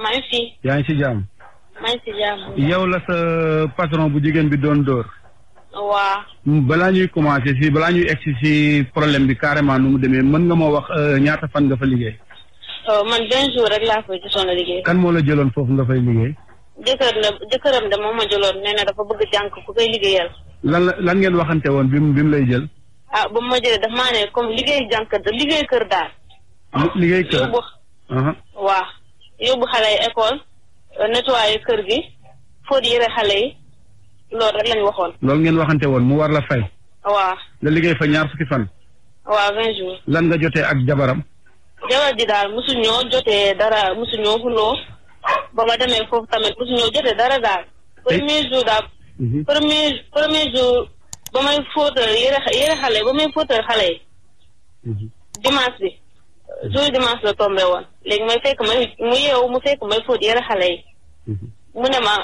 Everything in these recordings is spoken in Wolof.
maa ngi yaa ngi si jàmm. maa ngi si jàmm. yow la sa patron bu jigéen bi doon dóor. waa balaa ñuy commencé si balaa ñuy egsi si problème bi carrément nu mu demee mën nga moo wax euh, ñaata fan nga fa liggéey. Euh, man benn jour rek laa fay gisoon liggéey. kan moo la jëloon foofu nga fay liggéey. jëkkër na jëkkëram de moom ma jëloon nee dafa bëgg jànk ku koy liggéeyal. lan la lan ngeen waxante woon bi mu bi mu lay jël. ah ba mu ma jëlee daf maa ne comme liggéey jànk liggéey liggéey kër. waaw. yóbbu xale yi école euh, nettoyé kër gi fóot yëre xale yi loolu rek lañ waxoon. loolu ngeen waxante woon mu war la fay. waaw nga liggéey fa ñaar fukki fan. waaw vingt jours. lan nga jotee ak jabaram. jabar ji daal mosu ñoo jotee dara mosu ñoo xuloo ba ma demee foofu tamit mosu ñoo jotee dara daal. premier jour daal. Mhm. premier premier jour ba may fóotal yëre xale ba xale yi. Mhm. dimanche bi. jour dimanche la tombé woon léegi may fekk may mu yeewu mu may fóot yëre xale mu ne ma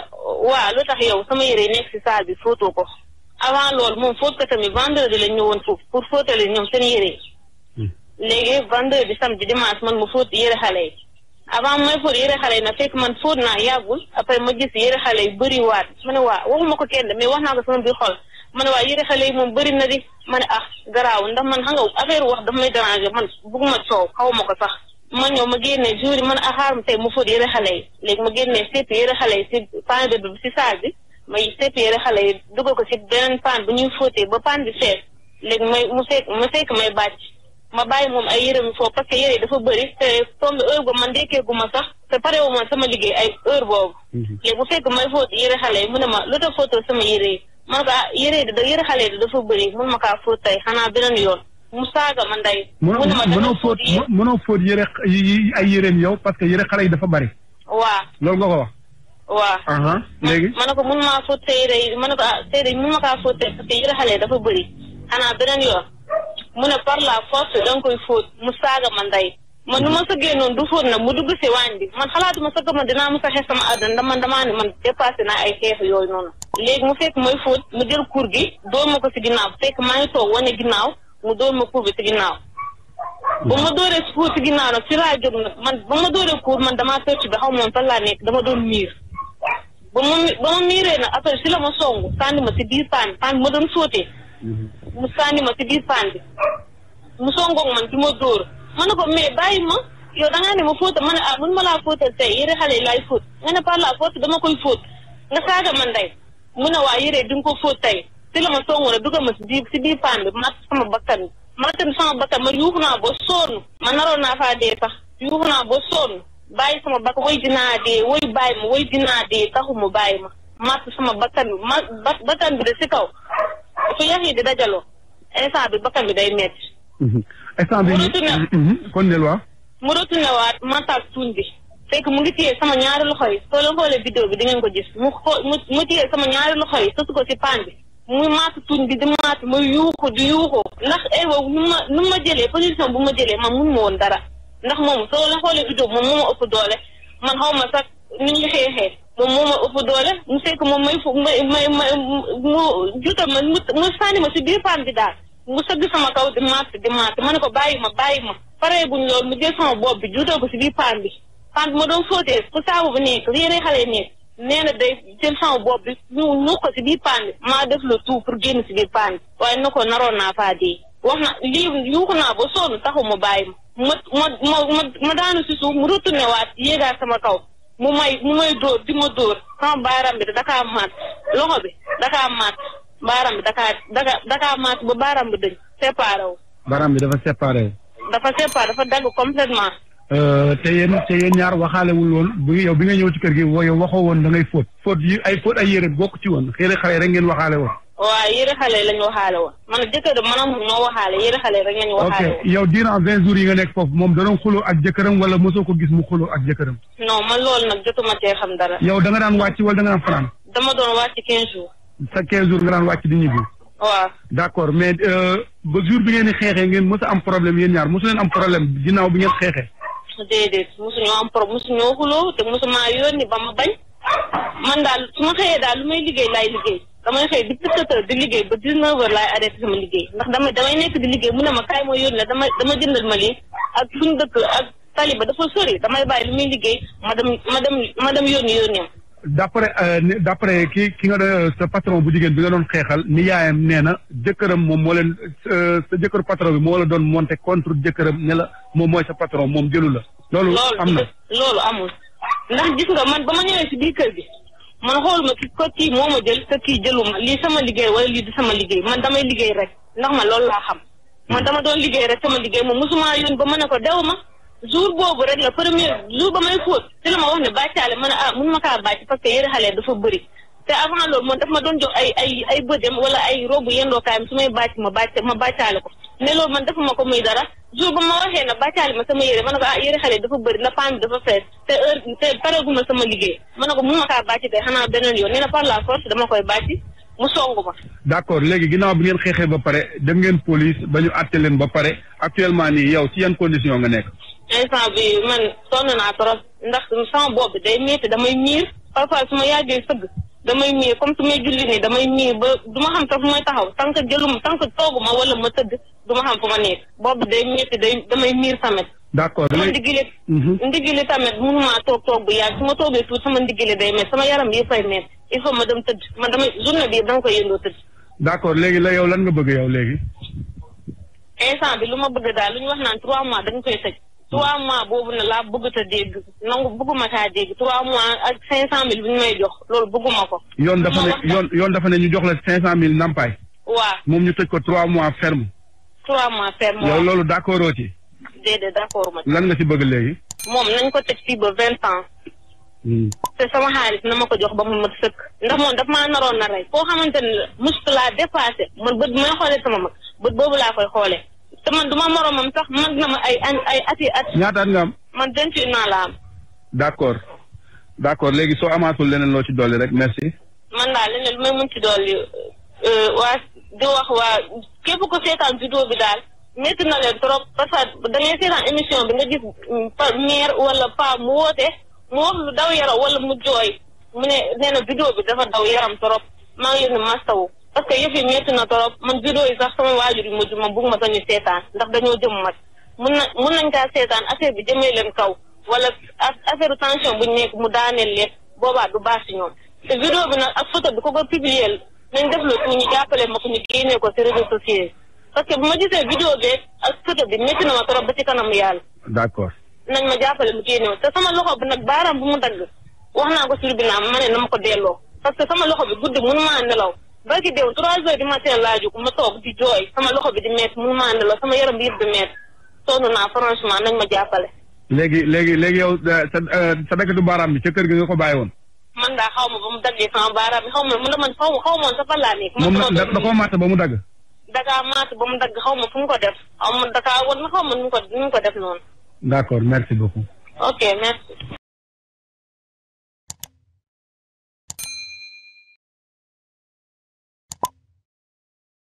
waa lu tax yow sama yëre yi nekk si saal bi fóotoo ko avant loolu moom fóot ko tamit vendredi lañ ñëwoon foofu pour fóotali ñoom seen yëre yi léegi vendredi samedi dimanche man ma fóot yëre xale yi avant may fóot yëre xale yi nag fekk man foot naa yàggul après ma gis yëre xale yi bëri waat ma ne waa waxuma ko kenn mais wax naa ko sama biir xol mane ne waaye yére xale yi moom bëri na di ma ne ah garaaw ndax man xam nga affaire wax dafa may déranger man bugguma coow xaw ma ko sax ma ñëw ma génnee jour yi man a ah xaaram tey mu fóot yére xale yi léegi ma génnee sépp yére xale yi si pan bi si saag bi may sépp xale yi dugal ko si beneen pan bu ñuy fóotee ba pan bi fees léegi may mu seek ma seek may bàcc ma bàyyi moom ay yére mi foofu parce que yére yi dafa bëri te tombé heure boobu man dekkee ma sax te pare wu ma sama ay heure boobu mhm. léegi mu fekk may fóot yére xale yi mu ne ma lu tax fóotoo sama yére yi man ko ah yére da yére xale yi dafa bëri mun ma kaa fóot tey xanaa beneen yoon mu saaga ma ndey. mun ma mënoo fóot mënoo fóot yére ay yéreem yow parce que yére xale yi dafa bëri. waaw loolu nga ko wax. waaw. léegi ma ne ko mun maa fóot tey rek ma ne ko ah tey rek mun ma kaa fóot tey parce que yére xale yi dafa bëri xanaa beneen yoon mu ne par la force da nga koy fóot mu saaga ma ndey. man nu ma sëggee noonu du fóot nag mu dugg si waañ bi man xalaatuma sëgg man dinaa mos a xeex sama àdduna man damaa man dépassé naa ay xeex yooyu noonu. léegi mu fekk mooy fóot mu jël kur gi dóor ma ko si ginnaaw fekk maa ngi toog wane ginnaaw mu dóor ma kur bi si ginnaaw. ba ma dóoree kuur si nag si laa jóg nag man ba ma dóoree man damaa pertu bi xaw ma woon fan laa nekk dama doon miir. ba ma ba ma miiree nag après si la ma songu sànni ma si biir paan bi ma doon sóotee. Mhm. mu sànni ma si biir paan mu songoog man di ma dóor ma ne ko mais bàyyi ma yow da ngaa ne ma fóota ma ne ah mun ma laa fóotal tey yére xale yi laay fóot dama koy fóot nga saaga man nday mu ne waa yére di nga ko fóot tey si la ma songu na dugal ma si biir si biir bi matt sama bakkan bi matt sama bakkan ma yuuxu naa ba sonn ma naroon naa faa dee sax yuuxu naa ba sonn bàyyi sama bakkan way dinaa dee way bàyyi ma way dinaa dee taxu mu bàyyi ma matt sama bakkan bi ma bakkan bi de si kaw su yax yi di dajaloo instant bi bakkan bi day metti mhm. instant bi mhm. kon waa mu retourné bi fekk mu ngi téye sama ñaari loxo yi soo leen xoolee vidéo bi dangeen ko gis mu xoo mu téye sama ñaari loxo yi sotti ko ci paan bi muy maatu tuñ bi di maatu ma yuuxu di yuuxu ndax aywa eh, nu ma nu ma jëlee position bu ma jëlee man mun ma woon dara ndax moom soo leen xoolee vidéo bi moom moo ëpp doole man xaw ma sax ni ñu xeexee moom moo ma ëpp doole mu fekk moom may fu may may mu juutal ma mu sànni ma si biir paan bi daal mu di sama kaw di maatu di maat ma ne ko bàyyi ma bàyyi ma paree buñ loolu mu jël sama bopp bi juutal ko si biir paan bi. quand ma doon fóotee fu saabu bu nekk yére xale nekk nee na day jël sama bopp bi ñu ñu ko si biir paan bi maa def le tout pour génn si biir paan waaye na ko naroon naa faa dee wax na lii yuuxu naa ba sonn taxu mu bàyyi ma ma ma ma ma daanu si suuf mu retourné waat yéegaat sama kaw mu may mu may dóor di ma dóor sama baaram bi dakaa maat loxo bi dakaa maat baaram bi dakaa daka dakaa maat ba baaram bi dañ séparé wu. baaram bi dafa séparé. dafa séparé dafa dagg Euh, te yéen te yéen ñaar waxaalewul woon bu yow bi nga ñëw ci kër gi yow waxoo woon da ngay fóot fóot yi ay fóot ay yére bokk ci woon xëy na xale rek ngeen waxaale woon. waaw yére xale lañu waxaale woon. man jëkkër maanaam moo waxaale yére xale rek lañu waxaale woon. ok yow diiran vingt jours yi nga nekk foofu moom danoon xuloo ak jëkkëram wala mosoo ko gis mu xuloo ak jëkkëram. non man loolu nag jotuma cee xam dara. yow da nga daan wàcc wala da nga daan fanaan. dama doon wàcc quinze jours. sa quinze jours daan wàcc di ñibbi. mais euh, ba jour bi ngeen di xeexee ngeen mos am problème yéen ñaar mosu leen am problème ginnaaw bi ngeen xeexee de déedéet mosuñoo am problème mosuñoo xuloo te mosumaa yónni ba ma bañ man daal su ma xëyee daal lu may liggéey laay liggéey damay xëy depuis sept heures di liggéey ba dix neuf heures laay arrêté sama liggéey ndax damay damay nekk di liggéey mu ne ma kaay ma yónni la dama dama jëndal ma lii ak suñu dëkk ak tali ba dafa sori damay bàyyi lu muy liggéey ma dem ma dem ma dem yónni yónni am d' après euh, d' après ki ki nga doon sa patron bu jigéen bi nga doon xeexal ni yaayam nee na jëkkëram moom moo leen euh, sa jëkkër patron bi moo la doon monté contre jëkkëram ne la moom mooy sa patron moom jëlu la. loolu am na loolu amul. ndax gis nga man ba ma ñëwee si biir kër gi man xooluma ki ko kii moo ma jël te kii jëluma lii sama liggéey wala lii du sama liggéey man damay liggéey rek ndax man loolu laa xam. man dama doon liggéey rek sama liggéey moom mosuma yoon ba ko dew ma. jour boobu rek la premier jour ba may fóot ci la ma wax ne bàccaale ma ne ah mun ma kaa bàcc parce que yére xale dafa bëri te avant loolu moom daf ma doon jox ay ay ay bëjëm wala ay robu yendookaayam su may bàcc ma bàcc ma bàccaale ko ne loolu man dafa ko muy dara jour ba ma waxee na bàccaale ma sama yére ma ne ko ah yére xale dafa bëri la paan te heure te pareeguma sama liggéey ma ne ko mun ma kaa bàcc tey xanaa beneen yoon nee na dama koy bàcc mu songu ma. d' accord léegi ginnaaw bi ngeen xeexee ba pare dem ngeen police ba ñu àtte leen ba pare actuellement nii yow ci yan condition nga nekk. instant bi man sonn naa trop ndax sama bopp day métti damay miir parfois su ma yàggee sëgg damay miir comme su may julli ni damay miir ba duma ma xam sax fu may taxaw tànk jëlum tànk tooguma wala ma tëdd du ma xam fu ma nekk bopp day métti day damay miir tamit. d'accord sama ndigile mhm. ndigile mun mënuma toog toog bu yàgg su ma toogee tuuti sama ndigile day métti sama yaram yëpp ay métti il ma dem tëdd man damay journée bi danga koy yëndoo tëdd. d'accord léegi la yow lan nga bëgg yow léegi. instant bi lu ma bëgg daal lu wax naan trois mois dañ koy tëj. trois mois boobu na laa bëgg ta dégg nangu bëgguma kaa dégg trois mois ak cinq cent mille bi ñu may jox loolu bëgguma ko. yoon dafa ne yoon yoon dafa ne ñu jox la cinq cent mille nampaay. waaw moom ñu tëj ko trois mois ferme. trois mois ferme waaw loolu d' accord oo ci. déedéet d' lan nga ci bëgg léegi. moom nañ ko teg fii ba vingt ans. Hmm. te sama xaalis na ma ko jox ba mu mat sëkk. ndax moom daf maa naroon na rey. foo xamante ne la musk laa dépassé man bët may xoolee sama bët boobu laa koy xoolee. te man du ma sax man na ma ay ay ati at. ñaata at nga am. man denc naa la am. d' accord d' accord léegi soo amaatul leneen loo ci dolli rek merci. man daal leneen lu may mën ci dolli euh, waa di wax waa képp ko seetaan vidéo bi daal métti na leen trop parce que da ngay seetaan émission bi nga gis mère mm, wala pa mu woote mu wax lu daw yaram wala mu jooy mu ne nee na bi dafa daw yaram trop maa ngi leen di parce que yëf yi métti na trop man vidéo yi sax sama waajur yu mujj ma bëgg ma sañu seetaan ndax dañoo jëm mag mun na mun nañ kaa seetaan affaire bi jëmee leen kaw wala affaire tension bu ñu nekk mu daaneel leen boobaa du baax si ñoom te vidéo bi nag ak photo bi ko ko publier nañ def la ñu jàppale ma ko ñu génnee ko si réseaux sociaux parce que bu ma gisee vidéo bi ak photo bi métti na ma trop ba ci kanam yàlla. d'accord nañ ma jàppale mu génneew te sama loxo bi nag baaraam bu mu dagg wax naa ko sur bi naa ma ne ma ko delloo parce que sama loxo bi guddi mënu maa nelaw. barki déew trois heures du matin laa jóg ma toog di jooy sama loxo la sama yaram bi yëpp di métti sonn naa franchement nañ ma jàppale. léegi léegi léegi yow eh, sa eh, sa dakkatu baaraam bi ca kër gi nga ko bàyyi woon. man daa xaw ma ba mu daggee sama baaraam bi xaw ma man man xaw ma xaw ma woon sa fan laa nekk. moom da da koo mu dagg. da kaa màtt ba mu dagg xaw ma fu mu ko def xaw ma da kaa woon xaw ma mu ko nu mu ko def noonu. d'accord merci beaucoup. ok merci.